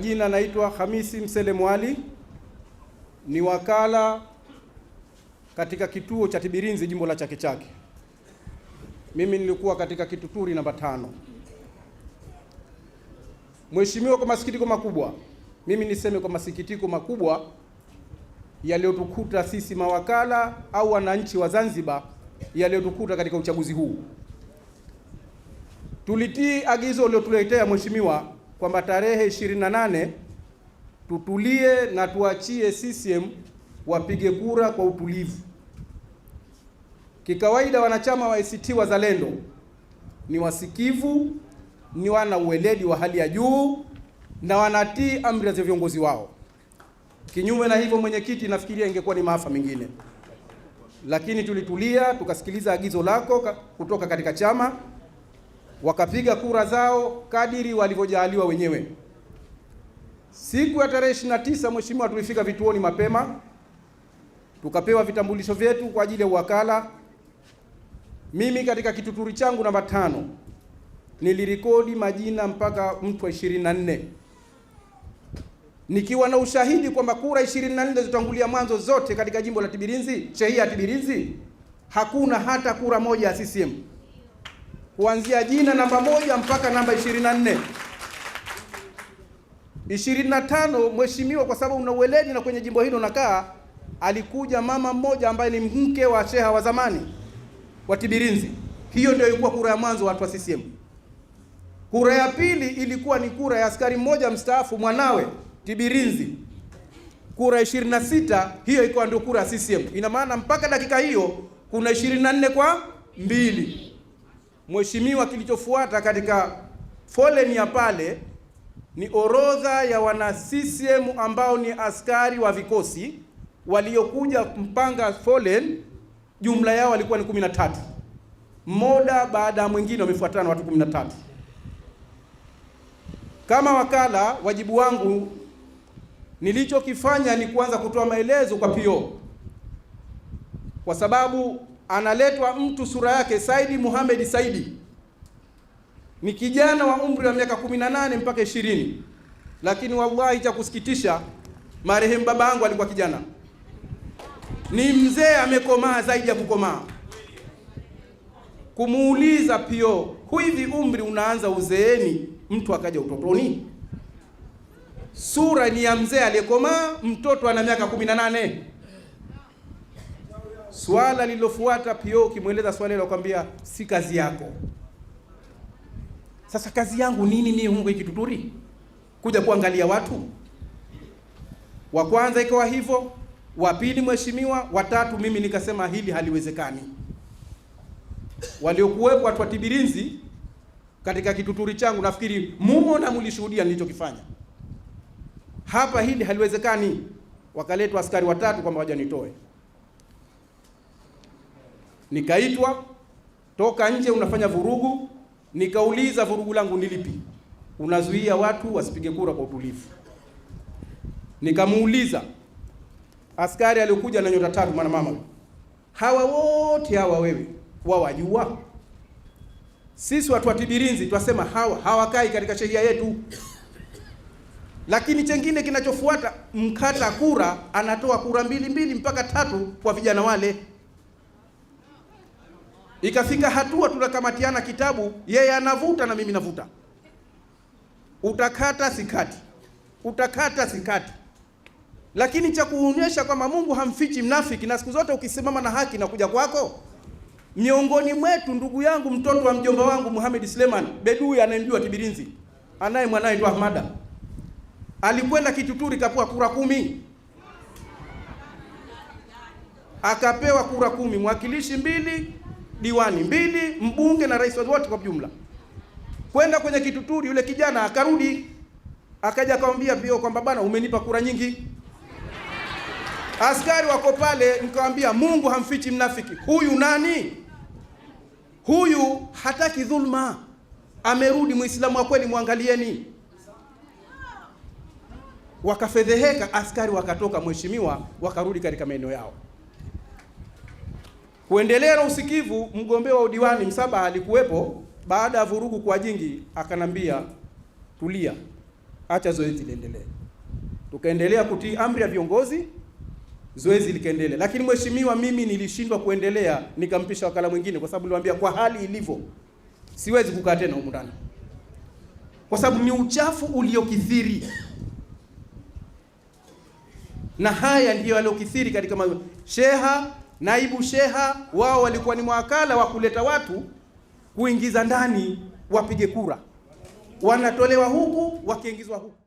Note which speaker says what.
Speaker 1: Jina naitwa Hamisi Msele Mwali, ni wakala katika kituo cha Tibirinzi jimbo la Chake Chake. Mimi nilikuwa katika kituturi namba tano. Mheshimiwa, kwa masikitiko makubwa, mimi niseme kwa masikitiko makubwa yaliyotukuta sisi mawakala au wananchi wa Zanzibar, yaliyotukuta katika uchaguzi huu, tulitii agizo uliotuletea Mheshimiwa kwamba tarehe 28 tutulie na tuachie CCM wapige kura kwa utulivu. Kikawaida wanachama wa ACT Wazalendo ni wasikivu, ni wana uweledi wa hali ya juu na wanatii amri za viongozi wao. Kinyume na hivyo, mwenyekiti, nafikiria ingekuwa ni maafa mengine, lakini tulitulia tukasikiliza agizo lako kutoka katika chama wakapiga kura zao kadiri walivyojaaliwa wenyewe. Siku ya tarehe tisa, mheshimiwa, tulifika vituoni mapema tukapewa vitambulisho vyetu kwa ajili ya uwakala. Mimi katika kituturi changu namba tano nilirekodi majina mpaka mtu wa nne nikiwa na ushahidi kwamba kura 24 zitangulia mwanzo zote katika jimbo la Tibirinzi, shehia ya Tibirinzi, hakuna hata kura moja ya CCM kuanzia jina namba moja mpaka namba 24. 25, mheshimiwa, kwa sababu una uweledi na kwenye jimbo hilo unakaa, alikuja mama mmoja ambaye ni mke wa sheha wa zamani wa Tibirinzi. Hiyo ndio ilikuwa kura ya mwanzo watu wa CCM. Kura ya pili ilikuwa ni kura ya askari mmoja mstaafu mwanawe Tibirinzi, kura 26. Hiyo ilikuwa ndio kura ya CCM. Ina maana mpaka dakika hiyo kuna 24 kwa mbili Mheshimiwa, kilichofuata katika foleni ya pale ni orodha ya wana CCM ambao ni askari wa vikosi waliokuja mpanga foleni, jumla yao walikuwa ni 13, mmoja baada ya mwingine wamefuatana watu 13. Kama wakala, wajibu wangu nilichokifanya ni kuanza kutoa maelezo kwa PO kwa sababu analetwa mtu sura yake Saidi Muhammad Saidi, ni kijana wa umri wa miaka 18 mpaka 20, lakini wallahi, cha kusikitisha, marehemu baba yangu alikuwa kijana, ni mzee amekomaa zaidi ya kukomaa. Kumuuliza pio, hivi umri unaanza uzeeni, mtu akaja utotoni? Sura ni ya mzee aliyekomaa, mtoto ana miaka 18. Swala lililofuata pio, ukimweleza swali anakuambia si kazi yako. Sasa kazi yangu nini mimi huko Kituturi kuja kuangalia watu? Wa kwanza ikawa hivyo, wa pili mheshimiwa, watatu mimi nikasema hili haliwezekani. Waliokuwepo watu wa Tibirinzi katika Kituturi changu nafikiri mumo na mlishuhudia nilichokifanya hapa, hili haliwezekani. Wakaletwa askari watatu kwamba nitoe nikaitwa toka nje, unafanya vurugu. Nikauliza vurugu langu ni lipi? Unazuia watu wasipige kura kwa utulivu. Nikamuuliza askari aliokuja na nyota tatu, mwana mama, hawa wote hawa wewe wawajua? Sisi watu wa Tibirinzi twasema hawa hawakai katika sheria yetu. Lakini chengine kinachofuata, mkata kura anatoa kura mbili mbili mpaka tatu kwa vijana wale. Ikafika hatua tunakamatiana kitabu, yeye anavuta na mimi navuta, utakata sikati, utakata sikati, lakini cha kuonyesha kwamba Mungu hamfichi mnafiki, na siku zote ukisimama na haki na kuja kwako. Miongoni mwetu ndugu yangu mtoto wa mjomba wangu Muhammad Sleman Bedui anayemjua Tibirinzi, anaye mwanaye ndo Ahmada, alikwenda Kituturi kapua kura kumi akapewa kura kumi, mwakilishi mbili diwani mbili, mbunge na rais wote kwa jumla, kwenda kwenye kituturi. Yule kijana akarudi akaja akamwambia vio kwamba bwana, umenipa kura nyingi, askari wako pale. Nikamwambia Mungu hamfichi mnafiki. Huyu nani? Huyu hataki dhulma, amerudi Muislamu wa kweli, mwangalieni. Wakafedheheka, askari wakatoka, mheshimiwa, wakarudi katika maeneo yao. Kuendelea na usikivu, mgombea wa udiwani Msabaha alikuwepo. Baada ya vurugu kwa jingi, akanambia tulia, acha zoezi liendelee. Tukaendelea kutii amri ya viongozi, zoezi likaendelea. Lakini mheshimiwa, mimi nilishindwa kuendelea, nikampisha wakala mwingine, kwa sababu niliwaambia kwa hali ilivyo siwezi kukaa tena humu ndani, kwa sababu ni uchafu uliokithiri, na haya ndiyo yaliokithiri katika ma... sheha naibu sheha wao walikuwa ni mwakala wa kuleta watu kuingiza ndani wapige kura, wanatolewa huku wakiingizwa huku.